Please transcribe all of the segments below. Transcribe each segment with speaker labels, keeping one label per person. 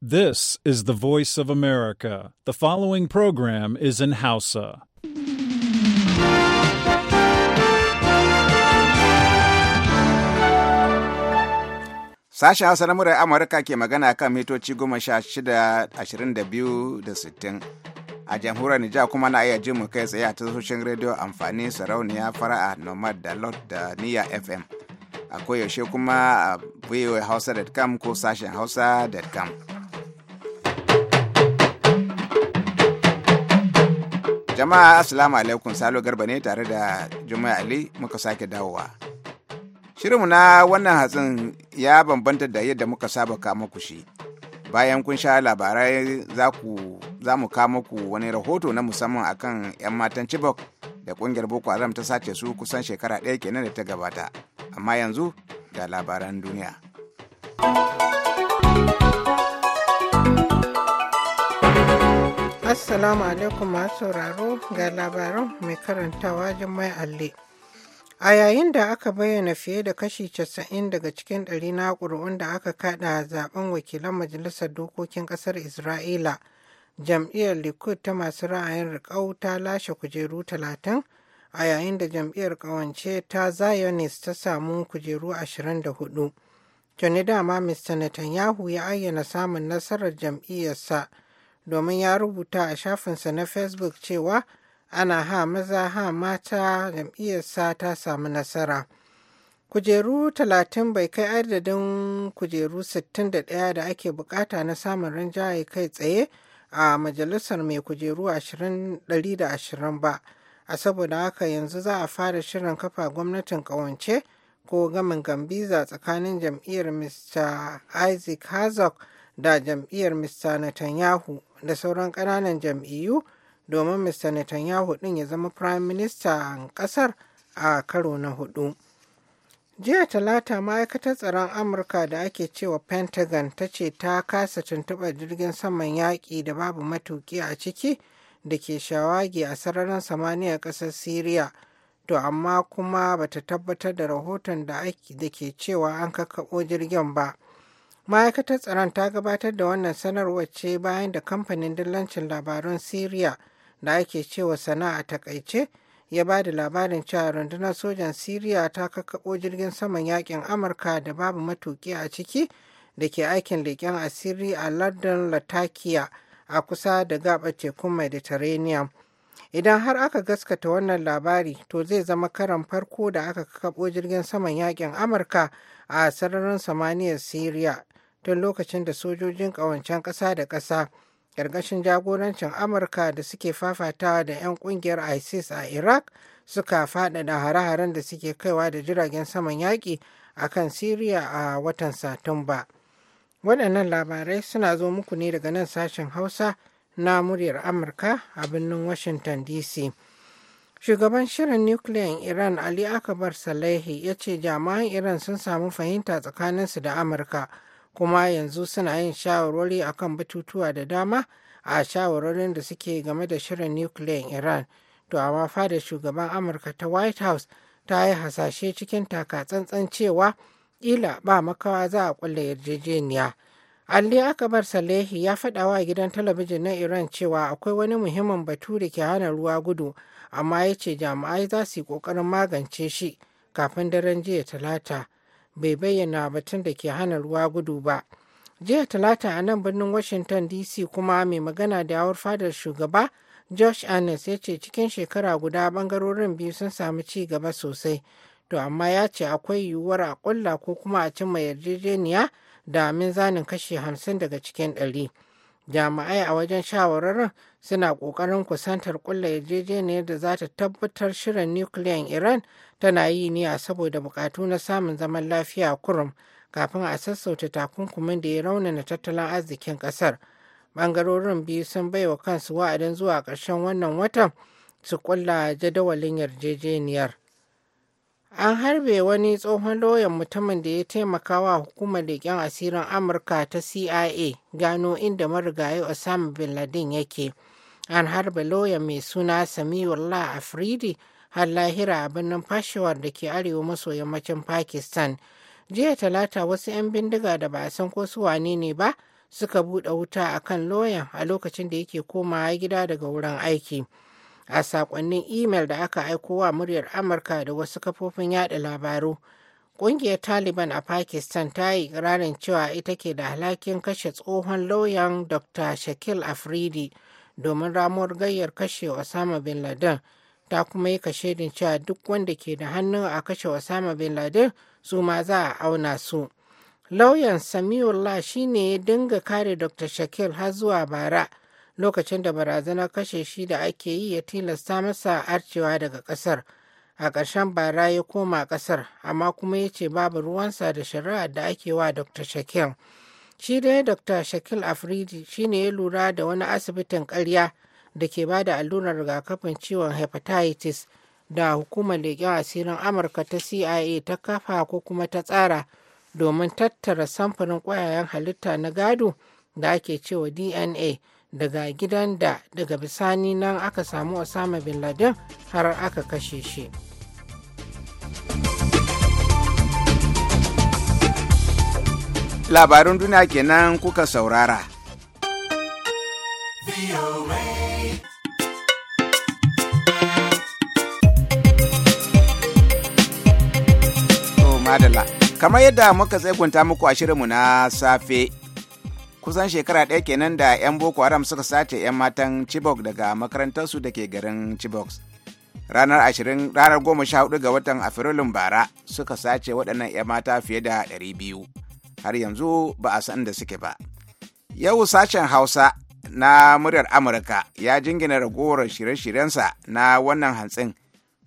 Speaker 1: This is the voice of America. The following program is in Hausa.
Speaker 2: Sashen Hausa na murai Amurka ke magana kan mitoci goma sha shida ashirin da biyu da sittin. A jamhuriyar Nijar kuma na iya jin mu kai tsaye a tasoshin rediyo amfani sarauniya fara'a nomad da lot da niya FM. Akwai yaushe kuma a voahausa.com ko sashen hausa.com. Jama'a Assalamu alaikum Salo Garba ne tare da Juma'a Ali muka sake dawowa. Shirinmu na wannan hatsin ya bambanta da yadda muka saba kama ku shi. Bayan kun sha labarai za mu kama ku wani rahoto na musamman akan 'yan matan Chibok da kungiyar Boko Haram ta sace su kusan shekara ɗaya kenan da ta gabata. Amma yanzu da labaran duniya.
Speaker 1: Assalamu alaikum masu sauraro ga labaran mai karantawa Jummai Alli. A yayin da aka bayyana fiye da kashi 90 daga cikin ɗari na ƙuri'un da aka kada zaben wakilan Majalisar Dokokin Ƙasar Isra'ila, jam'iyyar Likud ta masu ra'ayin riƙau ta lashe kujeru 30 a yayin da jam'iyyar ƙawance ta Zionist ta samu kujeru 24. Tuni dama Mr. Netanyahu ya ayyana samun nasarar jam'iyyarsa. domin ya rubuta a shafinsa na facebook cewa ana ha maza ha mata jam'iyyarsa ta samu nasara kujeru 30 bai kai adadin kujeru 61 da ake bukata na samun rinjaye kai tsaye a majalisar mai kujeru 120 ba a saboda haka yanzu za a fara shirin kafa gwamnatin kawance ko gamin gambiza tsakanin jam'iyyar mr isaac herzog da jam'iyyar Mr. Netanyahu da sauran ƙananan jam'iyyu domin Mr. Netanyahu ɗin ya zama Prime Minister a ƙasar a karo na hudu. Jiya Talata ma'aikatar tsaron Amurka da ake cewa Pentagon ta ce ta kasa tuntuɓar jirgin saman yaƙi da babu matuƙi a ciki da ke shawagi a sararin samaniya ƙasar Siriya. To amma kuma bata tabbatar da rahoton da ke cewa an kakkaɓo jirgin ba. ma'aikatar tsaron ta gabatar da wannan sanarwar ce bayan da kamfanin dillancin labarun Siriya, da ake cewa sana'a takaice ya ba da labarin cewa rundunar sojan Siriya ta kakkaɓo jirgin saman yakin amurka da babu matuƙi a ciki da ke aikin leƙen asiri a lardin latakia a kusa da gaɓar tekun mediterranean idan har aka gaskata wannan labari to zai zama karan farko da aka kakabo jirgin saman yakin amurka a sararin samaniyar Siriya. tun lokacin da sojojin ƙawancen ƙasa da ƙasa ƙarƙashin jagorancin amurka da suke fafatawa da 'yan ƙungiyar isis a iraq suka faɗaɗa hare-haren da suke kaiwa da jiragen saman yaƙi a kan siriya a watan satumba waɗannan labarai suna zo muku ne daga nan sashen hausa na muryar amurka a birnin washington dc shugaban shirin nukiliyan iran ali akbar salehi ya ce jami'an iran sun samu fahimta tsakaninsu da amurka kuma yanzu suna yin shawarwari akan batutuwa da dama a shawarwarin da suke game da shirin nukiliyan iran to amma fadar shugaban amurka ta white house ta yi hasashe cikin takatsantsan cewa ƙila ba makawa za a kulle yarjejeniya alli akabar salehi ya faɗa wa gidan talabijin na iran cewa akwai wani muhimmin batu da ke hana ruwa gudu amma ya ce jami'ai za su yi ƙoƙarin magance shi kafin daren jiya talata bai bayyana batun da ke hana ruwa gudu ba jiya talata a nan birnin washington dc kuma mai magana da yawar fadar shugaba josh annes ya ce cikin shekara guda bangarorin biyu sun samu ci gaba sosai to amma ya ce akwai yiwuwar a kulla ko kuma a cimma yarjejeniya da minzanin kashe hamsin daga cikin ɗari. jami'ai a wajen shawararin suna ƙoƙarin kusantar ƙulla yarjejeniyar da za ta tabbatar shirin nukiliyan iran tana yi ne saboda buƙatu na samun zaman lafiya kurum kafin a sassauta takunkumin da ya raunana tattalin arzikin ƙasar ɓangarorin biyu sun bai wa kansu wa'adin zuwa ƙarshen wannan watan su ƙulla jadawalin yarjejeniyar An harbe wani tsohon lauyan mutumin da ya taimaka wa hukumar leƙen asirin Amurka ta CIA gano inda marigayi Osama bin Laden yake. An harbe lauyan mai suna Samiullah Afridi har lahira a birnin fashewar da ke arewa maso yammacin Pakistan. Jiya talata wasu 'yan bindiga da ba a san ko su wane ne ba suka buɗe wuta a kan lauyan a lokacin da yake komawa gida daga wurin aiki. a sakonnin imel da aka aiko wa muryar amurka da wasu kafofin yada labaru ƙungiyar taliban a pakistan ta yi ikirarin cewa ita ke da halakin kashe tsohon lauyan dr shakil afridi domin ramuwar gayyar kashe osama bin laden ta kuma yi kashe kashedin cewa duk wanda ke da hannu a kashe osama bin laden su ma za a auna su lauyan samiullah shine ya dinga kare dr shakil har zuwa bara lokacin da barazana kashe shi da ake yi ya tilasta masa arcewa daga ƙasar a ƙarshen bara ya koma ƙasar amma kuma ya ce babu ruwansa da shari'a da ake wa dr shakil shi dai dr shakil afridi shine ya lura da wani asibitin karya da ke ba da allurar rigakafin ciwon hepatitis da hukumar leƙen asirin amurka ta cia ta kafa ko kuma ta tsara domin tattara samfurin ƙwayayen halitta na gado da ake cewa dna daga gidan da daga bisani nan aka samu osama bin laden har aka kashe shi
Speaker 2: Labarin duniya kenan kuka saurara kamar yadda muka tsegunta muku a shirinmu na safe kusan shekara ɗaya kenan da 'yan boko haram suka sace 'yan matan chibok daga makarantarsu da ke garin chibok ranar 20 ranar hudu ga watan afrilun bara suka sace waɗannan 'yan mata fiye da ɗari biyu har yanzu ba a san da suke ba yau sashen hausa na muryar amurka ya jingina ragowar shirye-shiryensa na wannan hantsin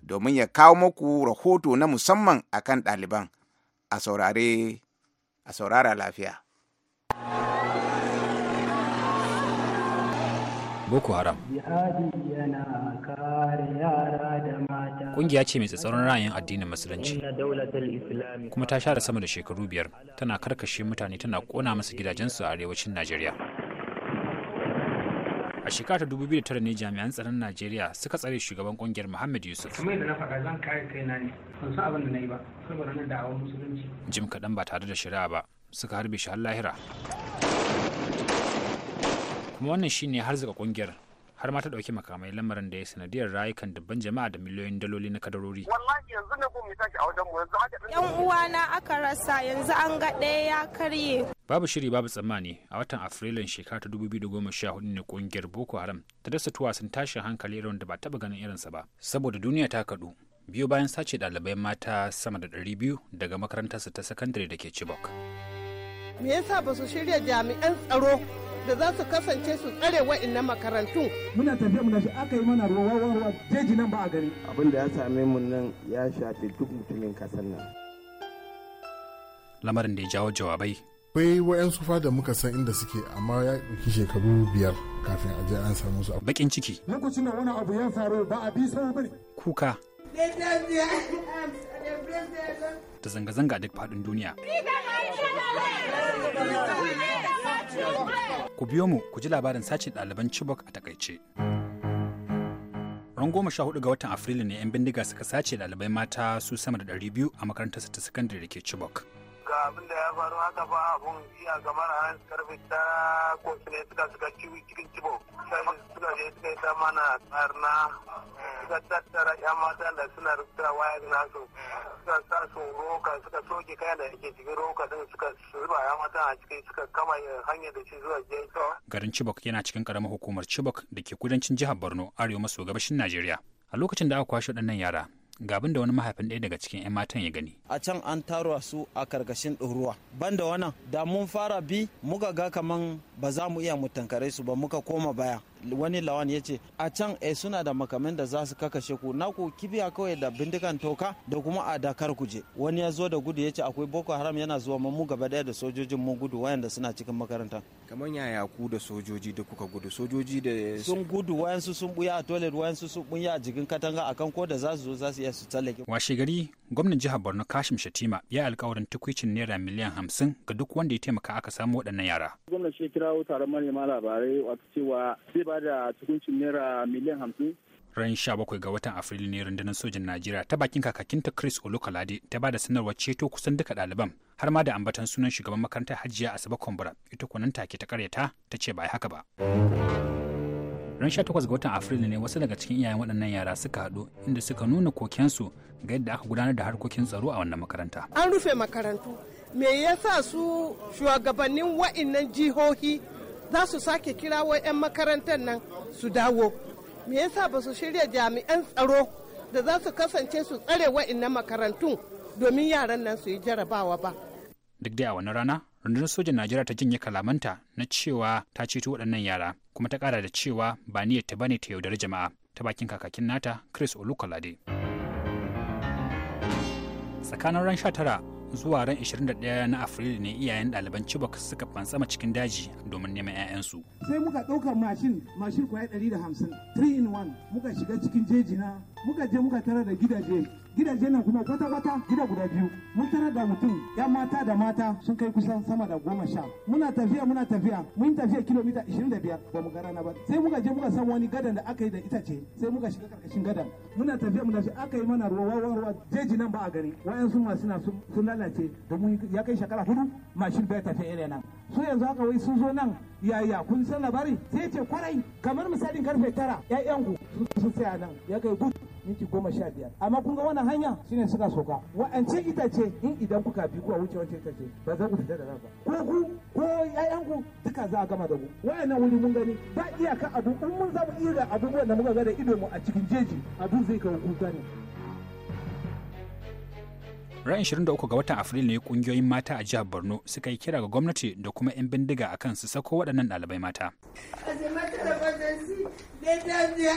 Speaker 2: domin ya kawo muku rahoto na musamman akan ɗaliban a saurare a saurara lafiya.
Speaker 3: boko haram kungiya ce mai tsatsauran ra'ayin addinin musulunci kuma ta share sama da shekaru biyar tana karkashe mutane tana kona masa gidajensu a arewacin najeriya a shekara shekarar 2009 ne jami'an tsaron najeriya suka tsare shugaban kungiyar muhammad yusuf jim kaɗan ba tare da shari'a ba suka harbe shi har lahira kuma wannan shine har zuga kungiyar har ma ta dauki makamai lamarin da ya sanadiyar rayukan dubban jama'a da miliyoyin daloli na kadarori.
Speaker 1: Wallahi yanzu ne mu tashi a wajen mu yanzu haka Yan uwana aka rasa yanzu an ga ɗaya ya karye.
Speaker 3: Babu shiri babu tsammani a watan Afrilun shekara ta da hudu ne kungiyar Boko Haram ta dasa tuwasan tashin hankali irin da ba taba ganin irinsa ba saboda duniya ta kaɗu. biyu bayan sace dalibai mata sama da ɗari biyu daga makarantarsa ta sakandare da ke Chibok.
Speaker 1: Me yasa ba su shirya jami'an tsaro da za su kasance su tsare wa'annan makarantun. Muna tafiya muna
Speaker 3: shi aka yi mana ruwa ruwa ruwa jeji nan ba a gari. Abin
Speaker 4: da ya same mu nan ya shafe duk mutumin kasar nan.
Speaker 3: Lamarin da ya jawo jawabai. Akwai wa'yansu fa da muka san inda suke amma ya ɗauki shekaru biyar kafin a je an samu su. Bakin ciki. Lokacin da wani abu ya faru ba a bi sau bane. Kuka. Da zanga-zanga duk faɗin duniya. Ku biyo mu ku ji labarin sace ɗaliban Chibok a takaice. Ran goma sha hudu ga watan Afrilu ne 'yan bindiga suka sace ɗalibai mata su sama da biyu a makarantar ta sakandare da ke Chibok. abin da ya faru haka ba abun iya kamar gamar
Speaker 4: a karfe ta kotu ne suka ciwi cikin cibo sai suka je suka yi ta mana na suka tattara yan mata da suna rubuta waya nasu suka sa su roka suka soke kayan da yake
Speaker 3: cikin roka din suka zuba yan matan a cikin suka kama hanyar da shi zuwa to Garin Chibok yana cikin karamar hukumar cibok da ke kudancin jihar Borno arewa maso gabashin Najeriya. A lokacin da aka kwashe waɗannan yara, gabin da wani mahaifin ɗaya daga cikin 'yan matan ya gani
Speaker 4: a can an tarwa su a karkashin ɗoruwa da wannan da mun fara bi muka ga kaman ba za mu iya mu tankare su ba muka koma baya wani lawan ya ce a can e suna da makamin da za su kakashe ku na ku kibiya kawai da bindigan toka da kuma a dakar kuje wani ya zo da gudu ya ce akwai boko haram yana zuwa mu gaba daya da sojojin mu gudu wayanda suna cikin makaranta kamar yaya ku da sojoji da kuka gudu sojoji da sun gudu wayansu sun buya a toilet wayansu sun buya a jikin katanga akan ko da za su zo za su iya su tsallake
Speaker 3: washe gari gwamnan jihar Borno Kashim Shatima ya alkawarin tukwicin naira miliyan hamsin ga duk wanda ya taimaka aka samu waɗannan yara
Speaker 4: gwamnati ya kirawo taron manema labarai wato cewa ba da tukuncin naira miliyan hamsin
Speaker 3: ran bakwai ga watan afrilu ne rundunar sojin najeriya ta bakin kakakinta chris olukalade ta ba da sanarwar ceto kusan duka ɗaliban har ma da ambatan sunan shugaban makarantar hajiya asaba kwambura ita kunan take ta karyata ta ce ba haka ba ran sha takwas ga watan afrilu ne wasu daga cikin iyayen waɗannan yara suka haɗu inda suka nuna kokensu ga yadda aka gudanar da harkokin tsaro a wannan makaranta
Speaker 1: an rufe makarantu me yasa su shugabannin wa'innan jihohi za su sake kirawo 'yan makarantar nan su dawo me yasa ba su shirya jami'an tsaro da za su kasance su tsare waɗannan makarantun domin yaran nan su yi jarabawa ba
Speaker 3: duk dai a wani rana rundunar sojan najeriya ta jinye kalamanta na cewa ta ceto waɗannan yara kuma ta ƙara da cewa ba niyyar ta bane ta yaudari jama'a ta bakin kakakin nata chris olukolade tsakanin ran 19 zuwa ran 21 na afrilu ne iyayen ɗaliban chibok suka fansama cikin daji domin neman 'ya'yansu
Speaker 2: sai muka ɗaukar mashin mashin kwaya 150 3 in 1 muka shiga cikin jeji na muka je muka tara da gidaje gidaje nan kuma kwata kwata gida guda biyu mun tara da mutum ya mata da mata sun kai kusan sama da goma sha muna tafiya muna tafiya mun tafiya kilomita 25 ba mu gara na ba sai muka je muka san wani gadan da aka yi da itace sai muka shiga karkashin gadan muna tafiya muna shi aka yi mana ruwa ruwa ruwa jeji nan ba a gani wayan sun masu na sun lalace domin ya kai shekara hudu mashin bai tafi ire nan so yanzu haka wai sun zo nan yaya kun san labari sai ce kwarai kamar misalin karfe tara 'ya'yanku sun tsaya nan ya kai gudu minti goma sha biyar amma kun ga wannan hanya shine suka soka ita ce in idan kuka bi kuwa wuce wancan ce ba za ku fita da ba ko ku ko ƴaƴan ku duka za a gama da ku wa'annan wuri mun gani ba iyaka abu in mun za mu iya abubuwan da muka ga da ido mu a cikin jeji abin zai kawo kuka ne
Speaker 3: Ran 23 ga watan Afrilu ne kungiyoyin mata a jihar Borno suka yi kira ga gwamnati da kuma 'yan bindiga akan su sako waɗannan ɗalibai mata.
Speaker 1: They have their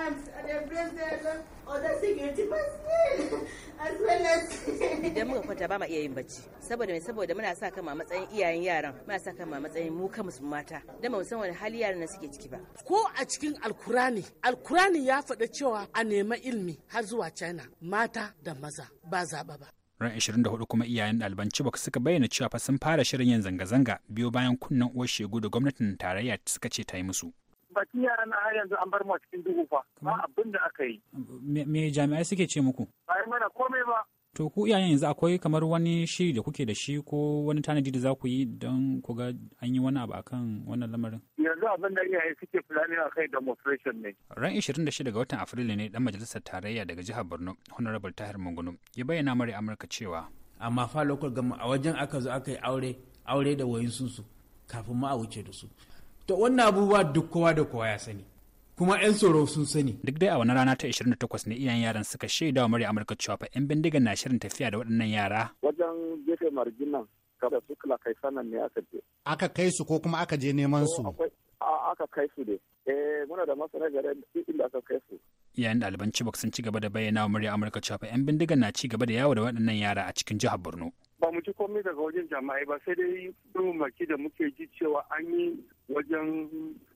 Speaker 1: arms and embrace their the security personnel as well as. Idan muka kwanta ba ma iya yin bacci saboda mai saboda muna sa kama matsayin iyayen yaran muna sa kama matsayin mu ka su mata da mu san wani hali yaran na suke ciki ba. Ko a cikin Alkurani Alkurani ya faɗa cewa a nema ilmi har zuwa China mata da maza ba zaɓa ba.
Speaker 3: ran 24 kuma iyayen ɗaliban Chibok suka bayyana cewa fa sun fara shirin yin zanga-zanga biyo bayan kunnen uwar shegu da gwamnatin tarayya suka ce ta yi musu. baki yaran har yanzu an bar mu a cikin duhu fa ba abin da aka yi me jami'ai suke ce muku ba yi mana komai ba to ku iyayen yanzu akwai kamar wani shiri da kuke da shi ko wani tanadi da za ku yi don ku ga an yi wani abu akan wannan lamarin yanzu abin da iyaye
Speaker 4: suke fulani a kai demonstration ne
Speaker 3: ran 26 ga watan afrilu ne dan majalisar tarayya daga jihar borno honorable tahir mangunu ya bayyana mara amurka cewa amma fa local gama a wajen aka zo aka yi aure aure da wayin su kafin ma a wuce da su to wannan abubuwa duk kowa da kowa ya sani kuma 'yan tsoro sun sani. Duk dai a wani rana ta 28 ne iyayen yaran suka shaida wa murya Amurka cewa fa 'yan bindigan na shirin tafiya da waɗannan yara.
Speaker 4: Wajen gefe marginan kada su kula kai sanan ne aka je.
Speaker 3: Aka kai su ko kuma aka je neman su?
Speaker 4: Aka kai su dai. Eh muna da masana gare inda aka kai su.
Speaker 3: Yayin ɗaliban Chibok sun ci gaba da bayyana wa murya Amurka cewa fa 'yan bindigan na ci gaba da yawo da waɗannan yara a cikin jihar Borno.
Speaker 4: ba mu ji komai daga wajen jama'ai ba sai dai maki da muke ji cewa an yi wajen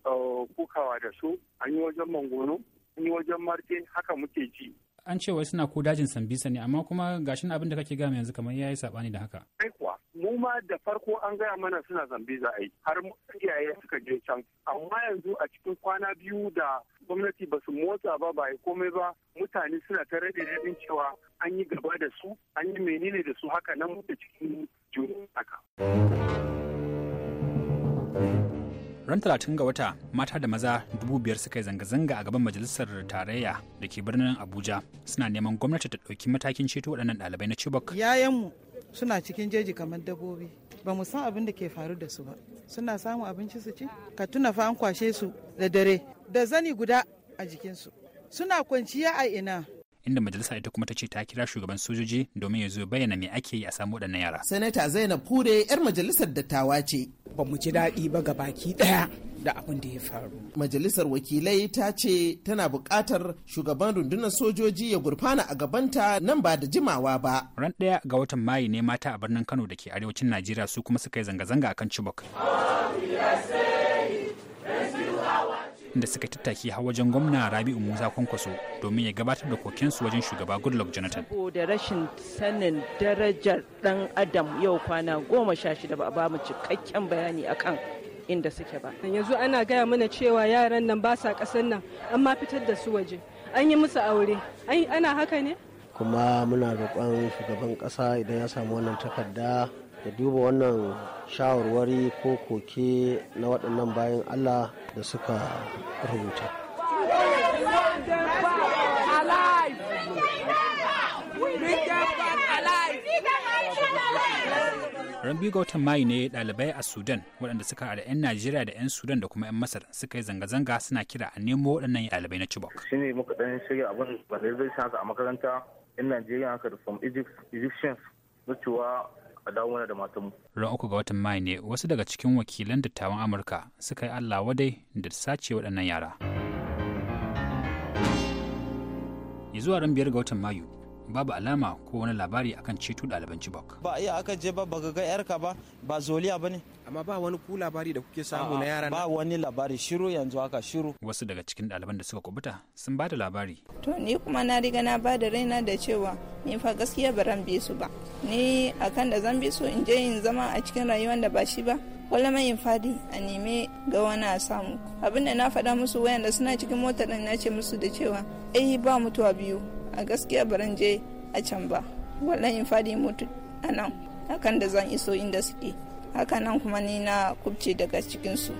Speaker 4: eh, kukawa da su an yi wajen mangono ni wajen marke haka muke ji
Speaker 3: an ce wai suna ko dajin sambisa ne amma kuma gashin abin da kake gama yanzu kamar yayi sabani da haka
Speaker 4: kai kuwa mu ma da farko an gaya mana suna zambiza ai har iyaye suka je can amma yanzu a cikin kwana biyu da gwamnati ba su motsa ba ba komai ba mutane suna ta rade rabin cewa an yi gaba da su an yi menene da su haka nan da cikin
Speaker 3: juna haka ran 30 ga wata mata da maza dubu biyar suka yi zanga-zanga a gaban majalisar tarayya da ke birnin abuja suna neman gwamnati ta ɗauki matakin ceto waɗannan ɗalibai na chibok yayanmu suna cikin jeji kamar dabbobi
Speaker 1: ba mu san abin da ke faru da su ba suna samun abinci su ci ka tuna fa an kwashe su da dare da zani guda a jikinsu suna kwanciya a ina
Speaker 3: inda majalisa ita kuma ta ce ta kira shugaban sojoji domin ya zo bayyana me ake yi a samu waɗannan yara.
Speaker 1: Sanata Zainab
Speaker 2: Kure 'yar majalisar dattawa ce. Ba mu ji daɗi ba ga baki ɗaya da abin da ya faru. Majalisar wakilai ta ce tana buƙatar shugaban rundunar sojoji ya gurfana
Speaker 3: a gabanta nan ba da jimawa ba. Ran ɗaya ga watan Mayu ne mata a birnin Kano da ke arewacin Najeriya su kuma suka yi zanga-zanga a kan Chibok. inda suka tattaki har wajen gwamna rabi'u musa kwankwaso domin ya gabatar da kokensu wajen shugaba goodluck jonathan
Speaker 1: da rashin sanin darajar dan adam yau kwana goma sha shida ba a ba cikakken bayani akan inda suke ba yanzu ana gaya mana cewa yaran nan ba sa kasan nan amma fitar da su waje an yi musu aure ana haka
Speaker 4: ne kuma muna roƙon shugaban ƙasa idan ya samu wannan takarda da duba wannan shawarwari ko koke na waɗannan bayan allah da suka rubuta
Speaker 3: ran biyu ga watan mayu ne ɗalibai a sudan waɗanda suka haɗa 'yan najeriya da 'yan sudan da kuma 'yan masar suka yi zanga-zanga suna kira a nemo waɗannan ɗalibai na chibok
Speaker 4: shine muka ɗan shirya abin ba da zai a makaranta 'yan najeriya haka da from egypt egyptians mutuwa a dawo mana da mu.
Speaker 3: Ran uku ga watan Mai ne wasu daga cikin wakilan dattawan Amurka suka yi Allah wadai da sace waɗannan yara. Zuwa ran biyar ga watan Mayu, babu alama ko wani labari akan ceto ɗaliban Chibok.
Speaker 4: Ba iya aka je ba baka ga yarka ba ba zoliya bane. Amma ba wani ku labari da kuke samu na yaran. Ba
Speaker 3: wani labari shiru yanzu haka shiru. Wasu daga cikin ɗaliban da suka kubuta sun ba labari.
Speaker 1: To ni kuma na riga na bada raina da cewa ni fa gaskiya baran bi su ba. Ni akan da zan bi su in je in zama a cikin rayuwar da ba shi ba. wala mai fadi a neme ga wani a samu abinda na faɗa musu wayanda suna cikin motar na ce musu da cewa ai eh, ba mutuwa biyu a gaskiya baran je a can ba wallan in fadi mutu a nan hakan da zan iso inda suke haka nan kuma ni na kubce daga cikinsu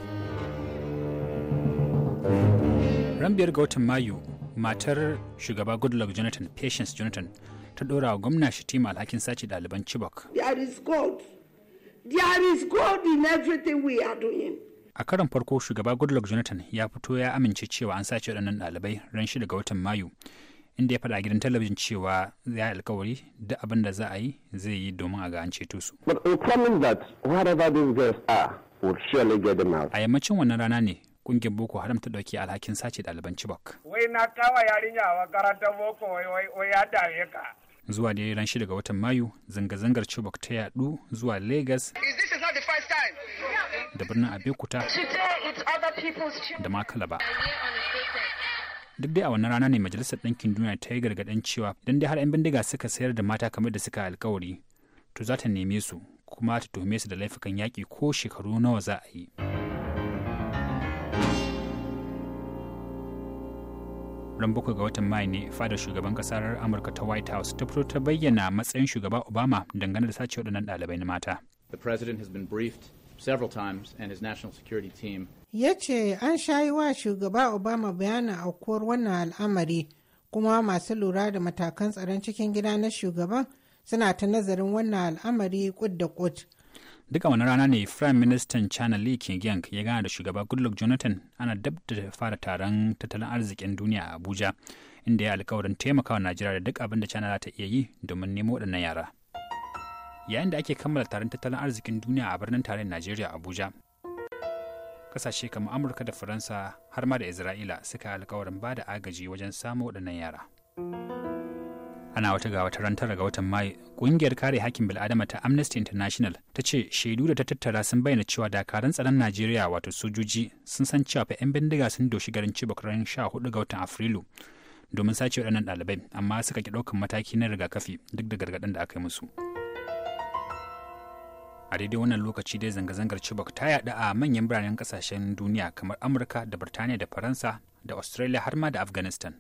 Speaker 3: ran biyar ga watan mayu matar shugaba goodluck jonathan patience jonathan ta dora wa gwamna shitima alhakin sace daliban chibok a karon farko shugaba goodluck jonathan ya fito ya amince cewa an sace waɗannan ɗalibai ran shi daga watan mayu inda ya faɗa a gidan talabijin cewa ya yi alkawari da abin da za a yi zai yi domin a ga an ceto su. A yammacin wannan rana ne kungiyar Boko Haram ta ɗauki alhakin sace ɗaliban Chibok.
Speaker 2: Wai na kawa yarinya a makarantar Boko wai
Speaker 3: ya dame ka. Zuwa da ran shida ga watan Mayu, zanga-zangar Chibok ta yaɗu zuwa Lagos. Da birnin Abeokuta. Da ma Kalaba. duk dai a wannan rana ne majalisar ɗinkin duniya ta yi gargaɗin cewa idan dai har 'yan bindiga suka sayar da mata kamar da suka alkawari to za ta neme su kuma ta tuhume su da laifukan yaƙi ko shekaru nawa za a yi. ran bakwai ga watan mai ne fadar shugaban kasar amurka ta white house ta fito ta bayyana matsayin shugaba obama dangane da sace waɗannan ɗalibai na mata. the president has been briefed several times and his national security team.
Speaker 1: Yace an shayi wa shugaba Obama bayanin aukuwar wannan al'amari kuma masu lura da matakan tsaron cikin gida na shugaban suna ta nazarin wannan al'amari kud da kud.
Speaker 3: Duka wani rana ne Prime Minister China Li Keqiang ya gana da shugaba Goodluck Jonathan ana dab da fara taron tattalin arzikin duniya a Abuja inda ya alkawarin taimakawa Najeriya da duk abin da China za ta iya yi domin nemo waɗannan yara. yayin da ake kammala taron tattalin arzikin duniya a birnin tarayyar Najeriya Abuja. Kasashe kamar Amurka da Faransa har ma da Isra'ila suka yi alkawarin ba da agaji wajen samu waɗannan yara. Ana wata ga wata ran tara ga watan Mayu, ƙungiyar kare hakkin bil'adama ta Amnesty International ta ce shaidu da ta tattara sun bayyana cewa dakarun tsaron Najeriya wato sojoji sun san cewa fa 'yan bindiga sun doshi garin Chibok ran hudu ga watan Afrilu. domin sace waɗannan ɗalibai amma suka ki ɗaukan mataki na rigakafi duk da gargaɗin da aka yi musu. a daidai wannan lokaci dai zanga-zangar chibok ta yada a manyan biranen kasashen duniya kamar amurka da birtaniya da faransa da australia har ma da afghanistan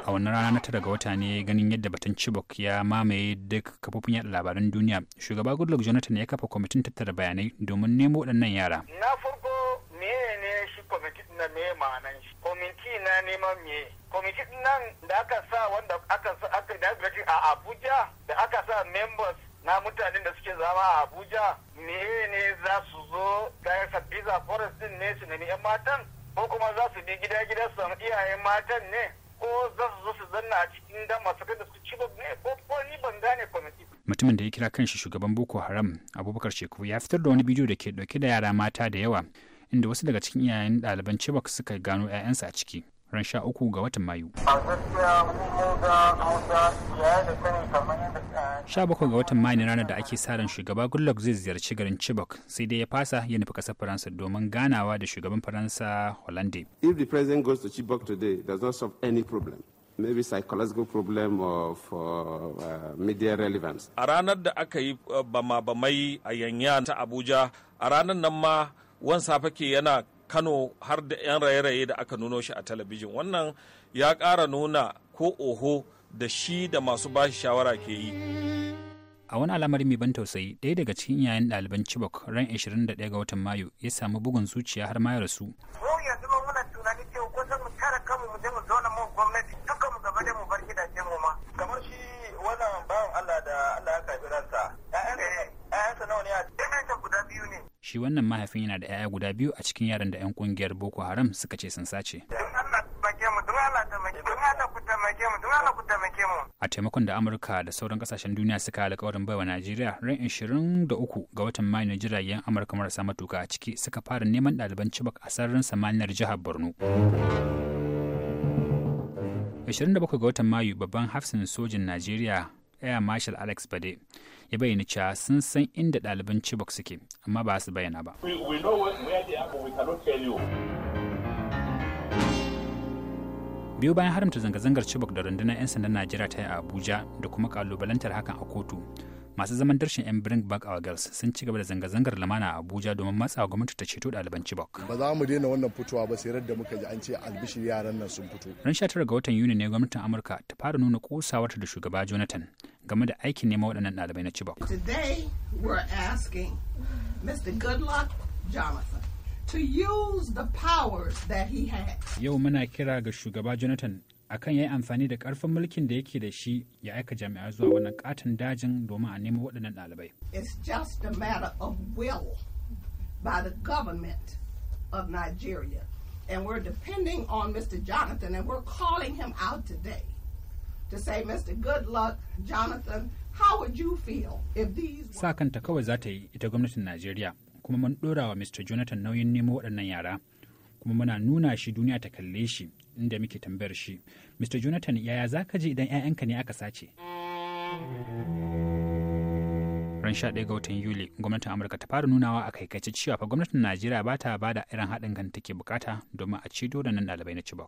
Speaker 3: a wannan rana na tara ga wata ne ganin yadda batun chibok ya mamaye duk kafofin yada labaran duniya shugaba goodluck jonathan ya kafa kwamitin tattara bayanai domin nemo waɗannan yara
Speaker 4: na farko menene shi kwamitin na me shi kwamiti na neman me kwamitin nan da aka sa wanda aka sa aka da a abuja da aka sa members na mutanen da suke zama a abuja ne ne za su zo kayan sabbiza forest din ne su nemi 'yan matan ko kuma za su bi gida gida su samu iyayen matan ne ko za su zo su zanna a cikin dan masu da su ci
Speaker 3: ne ko ko ni ban gane kwamiti. mutumin da ya kira kanshi shugaban boko haram abubakar sheku ya fitar da wani bidiyo da ke dauke da yara mata da yawa inda wasu daga cikin iyayen ɗaliban chibok suka gano 'ya'yansa a ciki ran sha uku ga watan mayu. sha bakwai ga watan mayu ranar da ake sa ran shugaba goodluck zai ziyarci garin chibok sai dai ya fasa ya nufi kasar faransa domin ganawa da shugaban faransa hollande. if the president goes to chibok today does not solve any problem
Speaker 2: maybe psychological problem of uh, uh media relevance.
Speaker 3: A ranar da aka yi uh, bama-bamai a Yanyan ta Abuja, a ranar nan ma wan safa ke yana kano har da 'yan raye-raye da aka nuno shi a talabijin wannan ya ƙara nuna
Speaker 4: ko oho da shi da masu bashi shawara ke yi
Speaker 3: a wani alamar mai ban tausayi ɗaya daga cikin iyayen ɗaliban chibok ran 21 ga watan mayu ya samu bugun zuciya har ma ya rasu yanzu muna tunani gwamnati shi wannan mahaifin yana da 'ya'ya guda biyu a cikin yaran da 'yan kungiyar boko haram suka ce sun sace a taimakon da amurka da sauran kasashen duniya suka alkawarin baiwa najeriya ran 23 ga watan mayu na jiragen amurka marasa matuka a ciki suka fara neman ɗaliban cibak a sararin samaniyar jihar borno 27 ga watan mayu babban hafsin sojin najeriya air marshal alex bade ya bayyana cewa sun san inda ɗaliban chibok suke amma ba su bayyana ba biyu bayan haramta zanga-zangar chibok da rundunar 'yan sandan najeriya ta yi a abuja da kuma kalubalantar hakan a kotu masu zaman darshin yan bring back our girls sun ci gaba da zanga-zangar lamana a abuja domin matsawa gwamnati ta ceto ɗaliban chibok ba
Speaker 4: za mu daina wannan fitowa ba sai da muka ji an ce albishir yaran nan sun fito
Speaker 3: ran 19 ga watan yuni ne gwamnatin amurka ta fara nuna kusawarta da shugaba jonathan game da aikin neman waɗannan ɗalibai na chibok
Speaker 1: today we're asking mr goodluck jonathan to use the powers that he has
Speaker 3: yau muna kira ga shugaba jonathan akan ya yi amfani da karfin mulkin da yake da shi ya aika jami'a zuwa wannan katon dajin domin a nemo waɗannan ɗalibai.
Speaker 1: It's just a matter of will by the government of Nigeria. And we're depending on Mr. Jonathan and we're calling him out today to say, Mr. Good Luck, Jonathan, how would you feel if these...
Speaker 3: Sa kanta kawai za ta yi ita gwamnatin Najeriya kuma mun ɗora wa Mr. Jonathan nauyin nemo waɗannan yara kuma muna nuna shi duniya ta kalle shi inda muke tambayar shi mr jonathan yaya za ka ji idan 'ya'yanka ne aka sace ran 11 ga watan yuli gwamnatin amurka ta fara nunawa a kai kaikaice cewa fa gwamnatin najeriya ba ta ba da irin haɗin kan take bukata domin a cido da nan ɗalibai na ci ba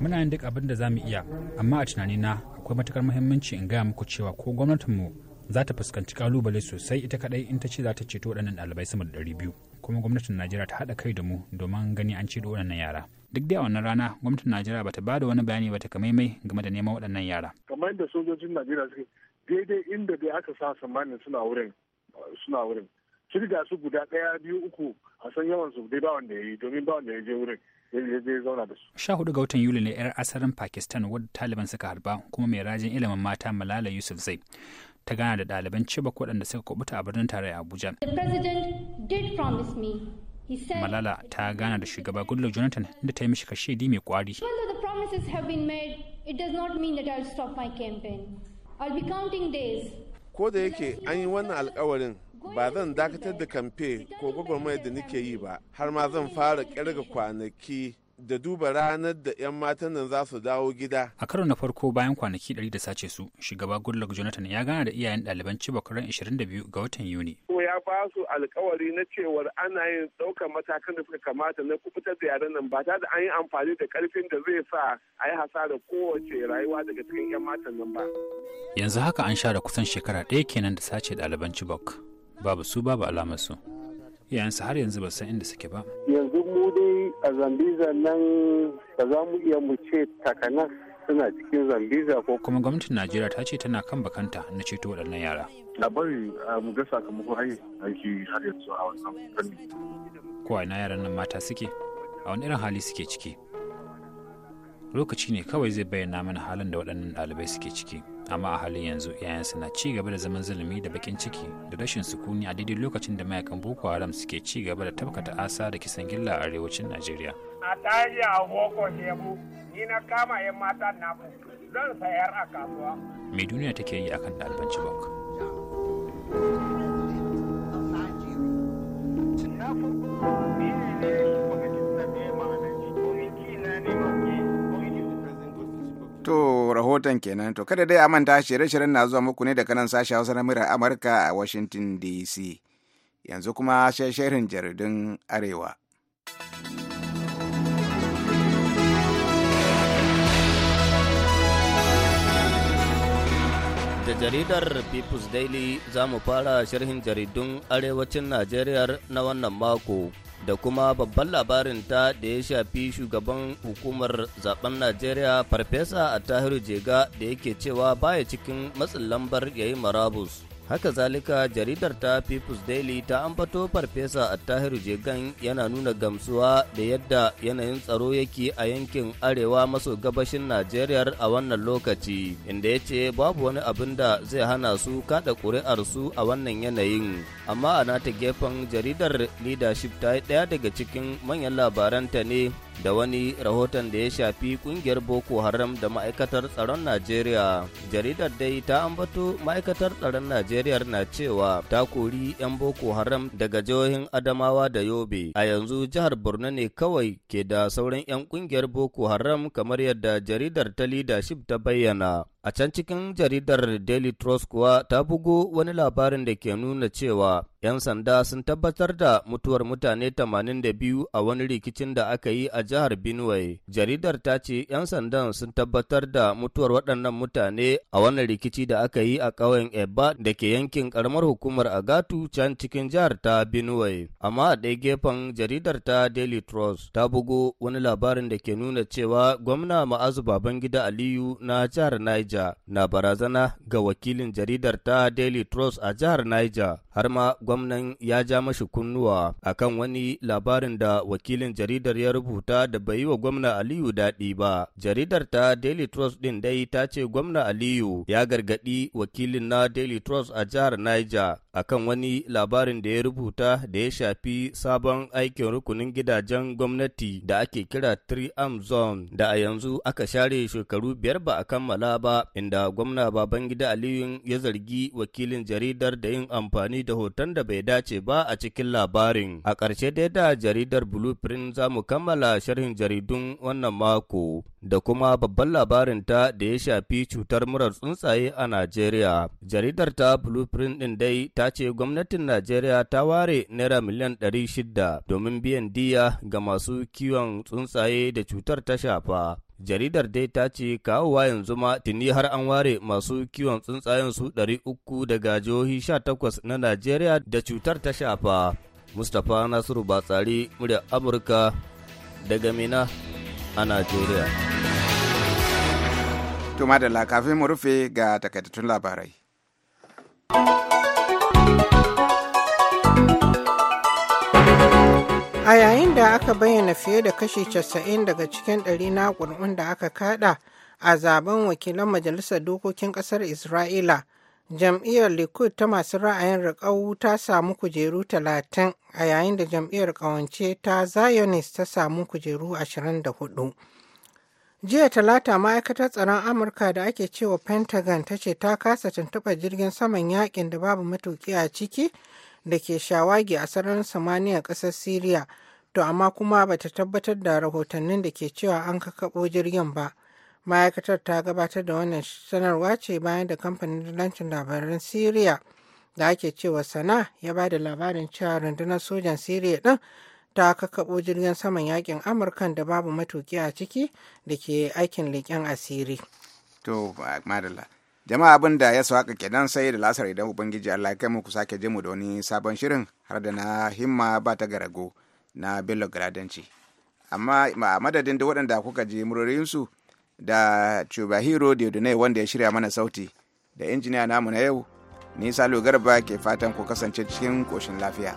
Speaker 3: muna yin duk abin da za mu iya amma a tunanina akwai matukar muhimmanci in gaya muku cewa ko gwamnatinmu za ta fuskanci kalubale sosai ita kadai in ta ce za ta ceto waɗannan ɗalibai sama da ɗari biyu kuma gwamnatin najeriya ta haɗa kai da mu domin gani an ceto waɗannan yara duk da wannan rana gwamnatin najeriya bata ba da wani bayani ba ta takamaimai game da neman waɗannan yara
Speaker 4: kamar yadda sojojin najeriya suke daidai inda dai aka sa samanin suna wurin suna wurin shirga su guda ɗaya biyu uku a san yawan su dai ba wanda ya yi domin ba wanda ya je wurin zauna da su.
Speaker 3: Sha hudu ga watan Yuli ne 'yar asarin Pakistan wadda Taliban suka harba kuma mai rajin ilimin mata Malala Yusuf Zai. ta gana da ɗaliban Chibok waɗanda suka kubuta a birnin tarayya Abuja. Malala ta gana da shugaba Goodluck Jonathan da ta yi mishi kashedi mai kwari.
Speaker 2: Ko da yake an yi wannan alkawarin ba zan dakatar da kamfe ko gwagwarmayar da nake yi ba har ma zan fara kirga kwanaki da duba ranar da 'yan matan nan za su dawo gida.
Speaker 3: A karo na farko bayan kwanaki 100 da sace su, shugaba Goodluck Jonathan ya gana da iyayen ɗaliban Chibok ran 22 ga watan Yuni.
Speaker 4: Ko ya ba su alkawari na cewar ana yin ɗaukar matakan da suka kamata na kubutar da yaran nan ba ta da an yi amfani da ƙarfin da zai sa a yi hasara kowace rayuwa daga cikin 'yan matan nan ba.
Speaker 3: Yanzu haka an share kusan shekara ɗaya kenan da sace ɗaliban Chibok. Babu su babu alamar su. iyayensu har yanzu ba san inda suke ba
Speaker 4: yanzu mu dai a zambiza nan ba za mu iya mu ce takanas suna cikin zambiza ko
Speaker 3: kuma gwamnatin najeriya ta ce tana kan bakanta na ceto waɗannan
Speaker 4: yara a bari ah, mu ga sakamakon aiki har yanzu a wannan fanni
Speaker 3: ko ina yaran nan mata suke a wani irin hali suke ciki lokaci ne kawai zai bayyana mana halin da waɗannan ɗalibai suke ciki amma a halin yanzu yayansu na ci gaba da zaman zulumi da bakin ciki da rashin sukuni a daidai lokacin da mayakan boko haram suke ci gaba da tabkata asa da kisan gilla a arewacin najeriya
Speaker 2: a tarihi a boko shebu ni na kama yan mata na zan sayar a kasuwa
Speaker 3: me duniya take yi akan ɗaliban chibok
Speaker 2: rahoton kenan to kada dai a manta shirye-shiryen na zuwa muku ne daga nan sashen hausa na murar amurka a washington dc yanzu kuma sai shirin jaridun arewa
Speaker 4: da jaridar people's daily za mu fara sharhin jaridun arewacin najeriya na wannan mako da kuma babban labarin ta da ya shafi shugaban hukumar zaben najeriya farfesa a jega da yake cewa baya cikin matsin lambar yayi marabus haka zalika jaridar ta people's daily ta ambato farfesa a attahiru jegan yana nuna gamsuwa da yadda yanayin tsaro yake a yankin arewa maso gabashin najeriya a wannan lokaci inda ya ce babu wani abin da zai hana su kada ƙuri'arsu a wannan yanayin amma a nata gefen jaridar leadership ta yi ɗaya daga cikin manyan labaranta ne da wani rahoton da ya shafi kungiyar boko haram da ma'aikatar tsaron najeriya jaridar dai ta ambato ma'aikatar tsaron najeriya na cewa ta kori 'yan boko haram daga jihohin adamawa da yobe a yanzu jihar borno ne kawai ke da sauran 'yan kungiyar boko haram kamar yadda jaridar ta leadership ta bayyana A can cikin jaridar Daily Trust kuwa ta bugo wani labarin da ke nuna cewa ‘yan sanda sun tabbatar da mutuwar mutane 82 a wani rikicin da aka yi a jihar Benue. Jaridar ta ce ‘yan sandan sun tabbatar da mutuwar waɗannan mutane a wani rikici da aka yi a ƙauyen Eba da ke yankin ƙaramar hukumar Agatu can cikin jihar ta Benue. Amma a ɗaya gefen jaridar ta Daily Trust ta bugo wani labarin da ke nuna cewa gwamna Ma'azu Babangida Aliyu na jihar Niger Niger na barazana ga wakilin jaridar ta Daily Trust a jihar Niger har ma gwamnan ya ja mashi kunnuwa a kan wani labarin da wakilin jaridar ya rubuta da bai yi wa gwamna Aliyu daɗi ba. Jaridar ta Daily Trust ɗin dai ta ce gwamna Aliyu ya gargaɗi wakilin na Daily Trust a jihar Niger a kan wani labarin da ya rubuta da ya shafi sabon aikin rukunin gidajen gwamnati da ake kira 3 Zone da a yanzu aka share shekaru biyar ba a kammala ba inda gwamna Babangida Aliyu ya zargi wakilin jaridar da yin amfani amfani da hoton da bai dace ba a cikin labarin. A ƙarshe dai da jaridar Blueprint za mu kammala sharhin jaridun wannan mako da kuma babban labarin ta da ya shafi cutar murar tsuntsaye a Najeriya. Jaridar ta Blueprint ɗin dai ta ce gwamnatin Najeriya ta ware naira miliyan ɗari shida domin biyan diya ga masu kiwon tsuntsaye da cutar ta shafa. jaridar dai ta ce kawowa yanzu ma tuni har an ware masu kiwon tsuntsayen su 300 daga jihohi 18 na najeriya da cutar ta shafa mustapha nasiru batsari murya amurka daga mina a najeriya
Speaker 2: tuma kafin mu rufe ga takaitattun labarai
Speaker 1: A yayin da aka bayyana fiye da kashi 90 daga cikin ɗari na ƙuri'un da aka kada a zaben wakilan Majalisar Dokokin Ƙasar Isra'ila, jam'iyyar Likud ta masu ra'ayin riƙau ta samu kujeru 30 a yayin da jam'iyyar ƙawance ta Zionist ta samu kujeru 24. Jiya Talata ma'aikatar tsaron Amurka da ake cewa Pentagon ta ce ta kasa tuntuɓar jirgin saman yakin da babu matuƙi a ciki da ke shawagi a sararin samaniya ƙasar Siriya, to amma kuma bata tabbatar da rahotannin da ke cewa an kakaɓo jirgin ba. Ma'aikatar ta gabatar da wannan sanarwa ce bayan da kamfanin lancin labaran Siriya da ake cewa sana ya ba da labarin cewa rundunar sojan Siriya din ta kakaɓo jirgin saman yakin Amurkan da babu matuki a ciki da ke aikin leƙen asiri.
Speaker 2: jama'a abin da ya sauka kenan sai da lasar idan ubangiji allah kai muku sake mu da wani sabon shirin har da na himma ba ta garago na bello gradanci amma a madadin da waɗanda kuka ji murorinsu da chubahiro diodone wanda ya shirya mana sauti da injiniya namu na yau ni salo garba ke fatan ku kasance cikin koshin lafiya